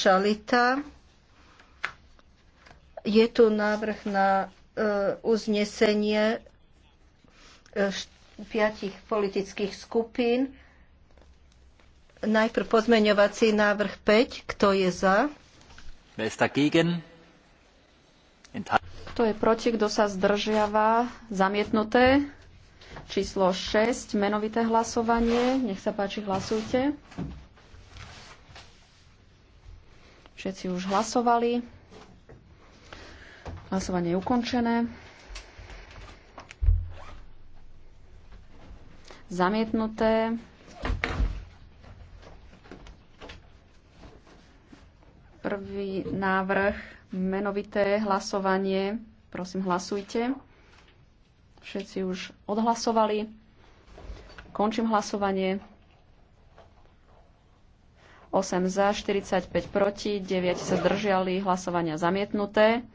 Čalita. Je tu návrh na e, uznesenie e, piatich politických skupín. Najprv pozmeňovací návrh 5. Kto je za? Kto je proti? Kto sa zdržiava? Zamietnuté. Číslo 6. Menovité hlasovanie. Nech sa páči, hlasujte. Všetci už hlasovali. Hlasovanie je ukončené. Zamietnuté. Prvý návrh, menovité hlasovanie. Prosím, hlasujte. Všetci už odhlasovali. Končím hlasovanie. 8 za, 45 proti, 9 sa zdržiali, hlasovania zamietnuté.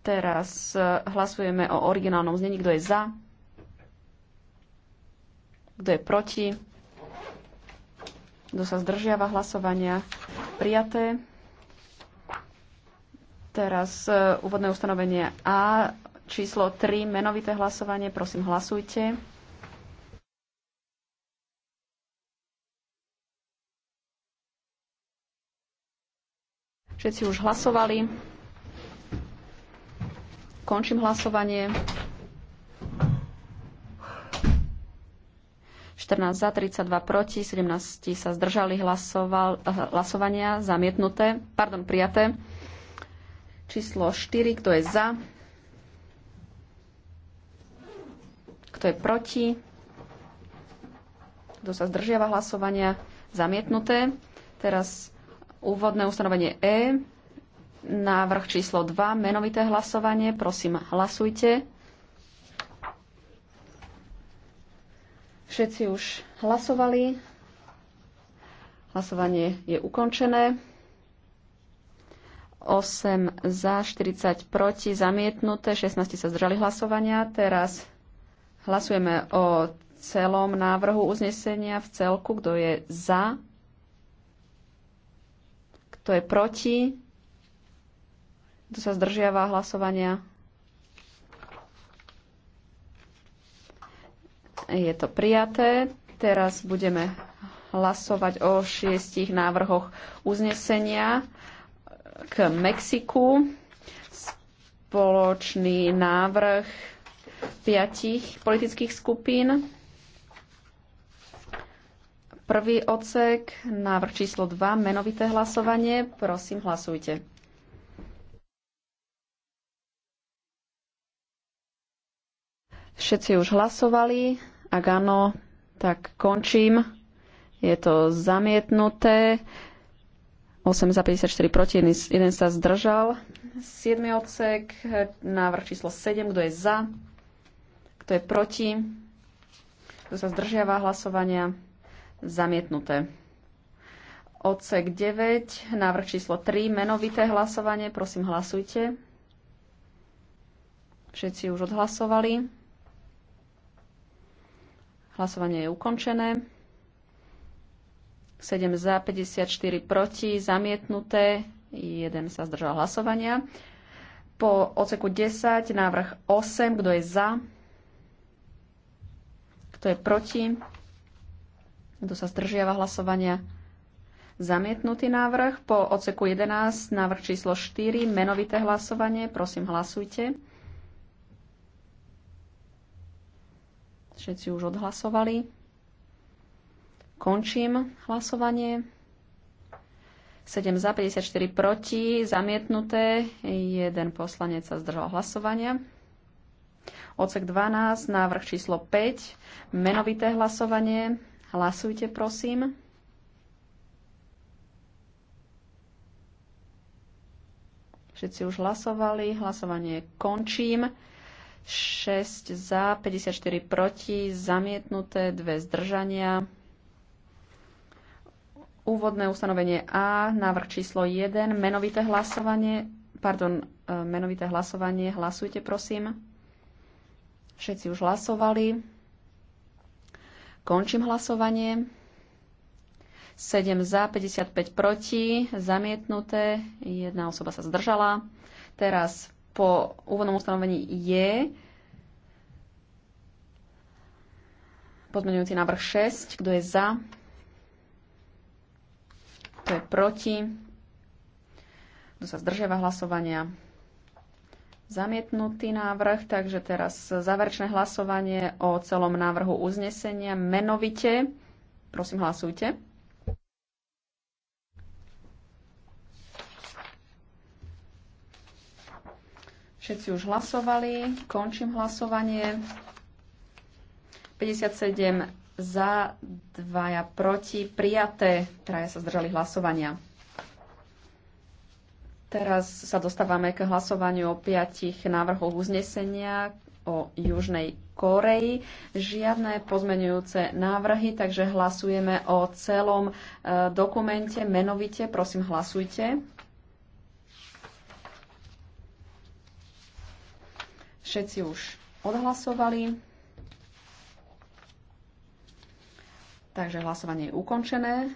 Teraz e, hlasujeme o originálnom znení. Kto je za? Kto je proti? Kto sa zdržiava hlasovania? Prijaté. Teraz e, úvodné ustanovenie A, číslo 3, menovité hlasovanie. Prosím, hlasujte. Všetci už hlasovali. Končím hlasovanie. 14 za, 32 proti, 17 sa zdržali hlasoval, hlasovania, zamietnuté, pardon, prijaté. Číslo 4, kto je za? Kto je proti? Kto sa zdržiava hlasovania? Zamietnuté. Teraz Úvodné ustanovenie E, návrh číslo 2, menovité hlasovanie. Prosím, hlasujte. Všetci už hlasovali. Hlasovanie je ukončené. 8 za, 40 proti, zamietnuté, 16 sa zdržali hlasovania. Teraz hlasujeme o celom návrhu uznesenia v celku, kto je za, kto je proti? Kto sa zdržiava hlasovania? Je to prijaté. Teraz budeme hlasovať o šiestich návrhoch uznesenia k Mexiku. Spoločný návrh piatich politických skupín. Prvý odsek, návrh číslo 2, menovité hlasovanie. Prosím, hlasujte. Všetci už hlasovali. Ak áno, tak končím. Je to zamietnuté. 8 za 54 proti, 1 sa zdržal. 7. odsek, návrh číslo 7, kto je za, kto je proti, kto sa zdržiava hlasovania zamietnuté. Odsek 9, návrh číslo 3, menovité hlasovanie. Prosím, hlasujte. Všetci už odhlasovali. Hlasovanie je ukončené. 7 za, 54 proti, zamietnuté. 1 sa zdržal hlasovania. Po oceku 10, návrh 8, kto je za? Kto je proti? Kto sa zdržiava hlasovania? Zamietnutý návrh. Po odseku 11, návrh číslo 4, menovité hlasovanie. Prosím, hlasujte. Všetci už odhlasovali. Končím hlasovanie. 7 za, 54 proti, zamietnuté. Jeden poslanec sa zdržal hlasovania. Odsek 12, návrh číslo 5, menovité hlasovanie. Hlasujte, prosím. Všetci už hlasovali. Hlasovanie končím. 6 za, 54 proti, zamietnuté, 2 zdržania. Úvodné ustanovenie A, návrh číslo 1, menovité hlasovanie, pardon, e, menovité hlasovanie, hlasujte prosím. Všetci už hlasovali. Končím hlasovanie. 7 za, 55 proti, zamietnuté, jedna osoba sa zdržala. Teraz po úvodnom ustanovení je pozmeňujúci návrh 6. Kto je za? Kto je proti? Kto sa zdržiava hlasovania? zamietnutý návrh, takže teraz záverečné hlasovanie o celom návrhu uznesenia menovite. Prosím, hlasujte. Všetci už hlasovali. Končím hlasovanie. 57 za, 2 proti, prijaté, traja sa zdržali hlasovania. Teraz sa dostávame k hlasovaniu o piatich návrhoch uznesenia o Južnej Koreji. Žiadne pozmenujúce návrhy, takže hlasujeme o celom e, dokumente menovite. Prosím, hlasujte. Všetci už odhlasovali. Takže hlasovanie je ukončené.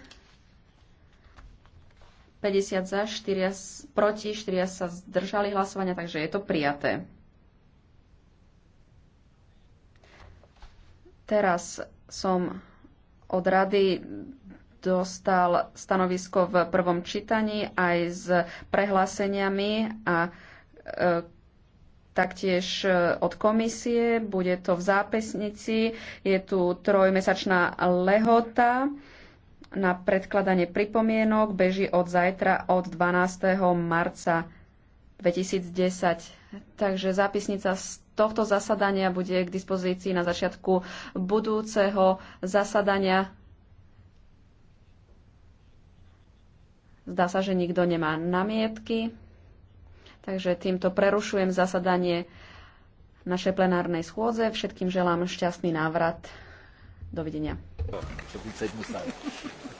50 za, 4 proti, 4 sa zdržali hlasovania, takže je to prijaté. Teraz som od rady dostal stanovisko v prvom čítaní aj s prehláseniami a e, taktiež e, od komisie. Bude to v zápisnici. Je tu trojmesačná lehota na predkladanie pripomienok beží od zajtra od 12. marca 2010. Takže zápisnica z tohto zasadania bude k dispozícii na začiatku budúceho zasadania. Zdá sa, že nikto nemá namietky. Takže týmto prerušujem zasadanie našej plenárnej schôdze. Všetkým želám šťastný návrat. Dovidenia. To by